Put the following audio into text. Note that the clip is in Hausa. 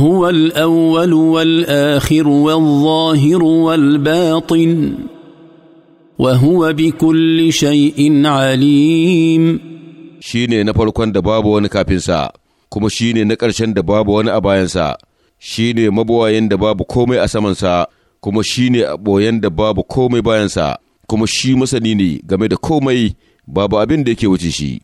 هو الاول والاخر والظاهر والباطن وهو بكل شيء عليم shine na farkon da babu wani kafinsa kuma shine na ƙarshen da babu wani a bayansa shine mabuwayen da babu komai a samansa kuma shine a ɓoyen da babu komai bayansa kuma shi masani ne game da komai babu abin da yake wuce shi